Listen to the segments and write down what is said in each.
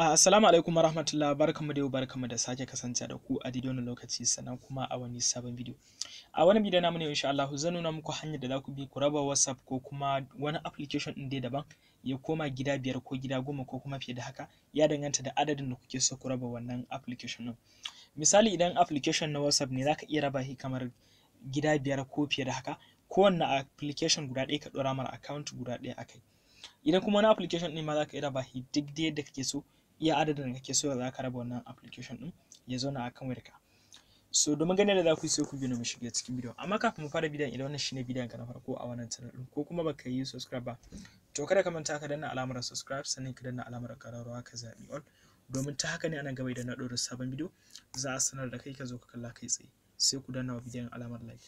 Ah, assalamu alaikum warahmatullahi barkamu da yau barkamu da sake kasance da ku a na lokaci sannan kuma a wani sabon bidiyo. A wani bidiyo namu ne insha Allah zan nuna muku hanyar da za ku bi ku raba WhatsApp ko kuma wani application din dai daban ya koma gida biyar ko gida goma ko kuma fiye da haka ya danganta da adadin da kuke so ku raba wannan application din. Misali idan application na WhatsApp ne zaka iya raba shi kamar gida biyar ko fiye da haka kowanne application guda ɗaya ka ɗora mara account guda ɗaya akai. Idan kuma wani application ɗin ma zaka iya raba shi duk dai yadda kake so iya adadin da kake so za ka raba wannan application din? ya zauna a kan wayarka so domin ganin da za ku so ku biyo mu shiga cikin bidiyon amma kafin mu fara bidiyon idan wannan shine bidiyon ka na farko a wannan channel din. ko kuma baka yi subscribe ba to kada ka manta ka danna alamar subscribe sannan ka danna alamar ƙararrawa ka zabi all domin ta haka ne ana gaba idan na ɗora sabon bidiyo za a sanar da kai ka zo ka kalla kai tsaye sai ku danna wa bidiyon alamar like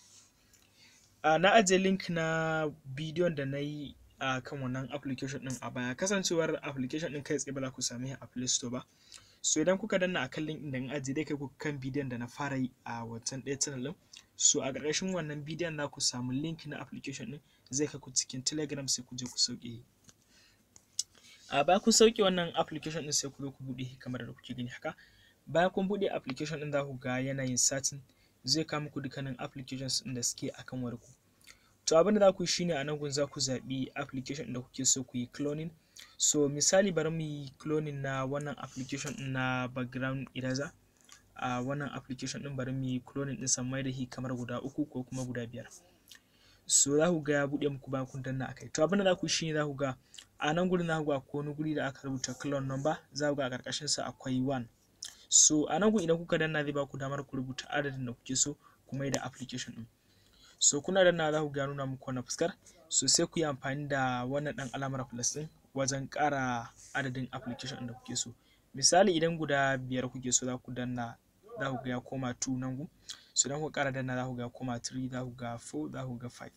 ah, na ajiye link na bidiyon da na yi a kan wannan application ɗin a baya kasancewar application din kai tsaye ba za ku same a play store ba so idan kuka danna akan link ɗin da na ajiye dai kai ku kan bidiyon da na fara yi a wancan ɗaya channel Su so a ƙarƙashin wannan bidiyon za ku samu link na application din zai kai ku cikin telegram sai ku je ku sauke a baya ku sauke wannan application ɗin sai ku zo ku buɗe kamar da kuke gani haka bayan kun buɗe application din za ku ga yanayin satin zai kawo muku dukkanin applications ɗin da suke akan wayar ku to abin da za ku yi shine a nan gun za ku zaɓi application da kuke so ku yi cloning so misali bari mu yi cloning na wannan application na background eraser a wannan application ɗin bari mu yi cloning din sa mai da shi kamar guda uku ko kuma guda biyar so za ku ga ya buɗe muku bayan kun danna akai to abin da za ku yi shine za ku ga a nan gurin za ku ga ko wani guri da aka rubuta clone number za ku ga a ƙarƙashin sa akwai one so a nan idan kuka danna zai ba ku damar ku rubuta adadin da kuke so kuma da application ɗin so kuna na za ku ga nuna muku wannan fuskar so sai ku yi amfani da wannan dan alamar plus din wajen ƙara adadin application ɗin da kuke so misali idan guda biyar kuke so za ku danna za ku ga ya koma 2 nan gu so idan ku ƙara danna za ku ga ya koma 3 za ku ga 4 za ku ga 5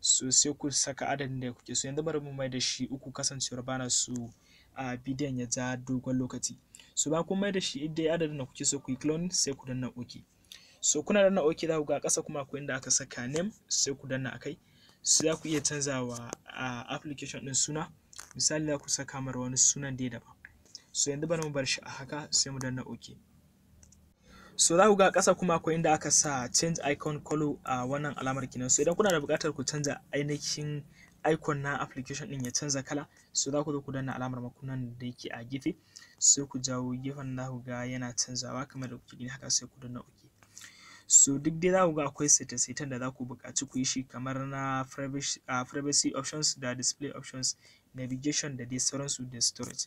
so sai ku saka adadin da kuke so yanzu bari mu mai da shi uku kasancewar bana su a bidiyon ya ja dogon lokaci so ba kun mai da shi idan adadin da kuke so ku yi clone sai ku danna okay so kuna danna ok za ku ga ƙasa kuma akwai inda aka saka name sai ku danna akai sai za ku iya canzawa a application din suna misali za ku saka mara wani sunan da daban so yanzu bari mu bar shi a haka sai mu danna ok so za ku ga ƙasa kuma akwai inda aka sa change icon color a wannan alamar kenan so idan kuna da buƙatar ku canza ainihin icon na application din ya canza kala so za ku zo ku danna alamar makunan da yake a gefe sai ku jawo gefen za ku ga yana canzawa kamar da kuke gani haka sai ku danna ok so duk dai za ku ga akwai seta-setan da za ku buƙaci ku yi shi kamar na ah, privacy options da display options navigation da dai sauransu da storage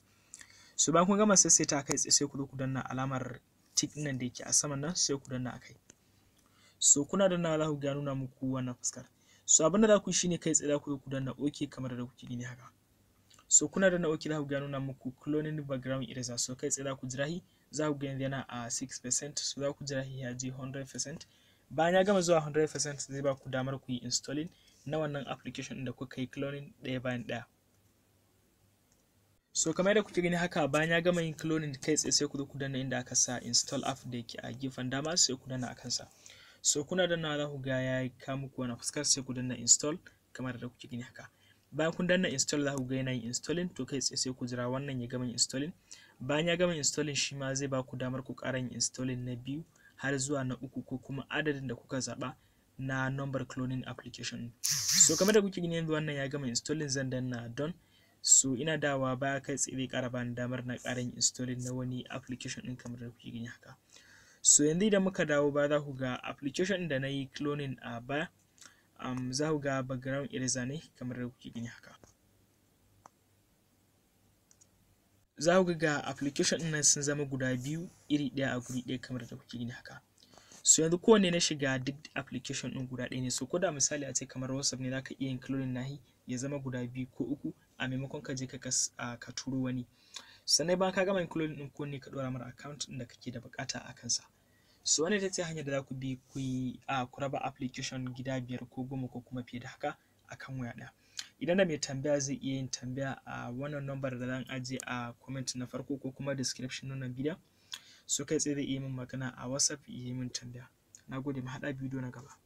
so bayan kun gama ta kai tsaye sai ku zo ku danna alamar tick nan da yake a saman nan sai ku danna akai so kuna danna za ku ga nuna muku wannan fuskar so abin da za ku yi shine kai tsaye za ku zo ku danna ok kamar da kuke gini haka so kuna danna ok za ku ga nuna muku cloning background eraser so kai tsaye za ku jira hi. za ku ga yanzu yana a 6% so za ku jira ya je 100% bayan ya gama zuwa 100% zai ba ku damar ku yi installing na wannan application da kuka yi cloning ɗaya bayan ɗaya so kamar da kuke gani haka bayan ya gama yin cloning kai tsaye sai ku zo ku danna inda aka sa install app da yake a gefen dama sai ku danna akan sa so kuna danna za ku ga ya yi kamu muku wani fuskar sai ku danna install kamar da kuke gani haka bayan kun danna install za ku ga yana yin installing to kai tsaye sai ku jira wannan ya gama installing bayan ya gama installing shi ma zai baku damar ku ƙara yin installing na biyu har zuwa na uku ko kuma adadin da kuka zaɓa na number cloning application so kamar da kuke gani yanzu wannan ya gama installing zan danna don so ina dawa baya kai tsaye zai ƙara bani damar na ƙara yin installing na wani application ɗin kamar da kuke gani haka so yanzu idan muka dawo ba za ku ga application da na yi cloning a baya um, za ku ga background eraser ne kamar da kuke gani haka za ku ga application ɗin nan sun zama guda biyu iri ɗaya a guri ɗaya kamar da kuke gani haka so yanzu kowanne na shiga duk application ɗin guda ɗaya ne so ko da misali a ce kamar whatsapp ne zaka iya including nahi ya zama guda biyu ko uku a maimakon ka je ka ka turo wani sannan bayan ka gama including ɗin kowanne ka ɗora mara account ɗin da kake da bukata a kansa so wannan ita ce hanyar da za ku bi ku yi ku raba application gida biyar ko goma ko kuma fiye da haka akan waya ɗaya idan da mai tambaya zai iya yin tambaya a wannan number da zan aje a comment na farko ko kuma description wannan bidiyon so kai tsaye zai iya min magana a whatsapp yi min tambaya na gode mu haɗa bidiyo na gaba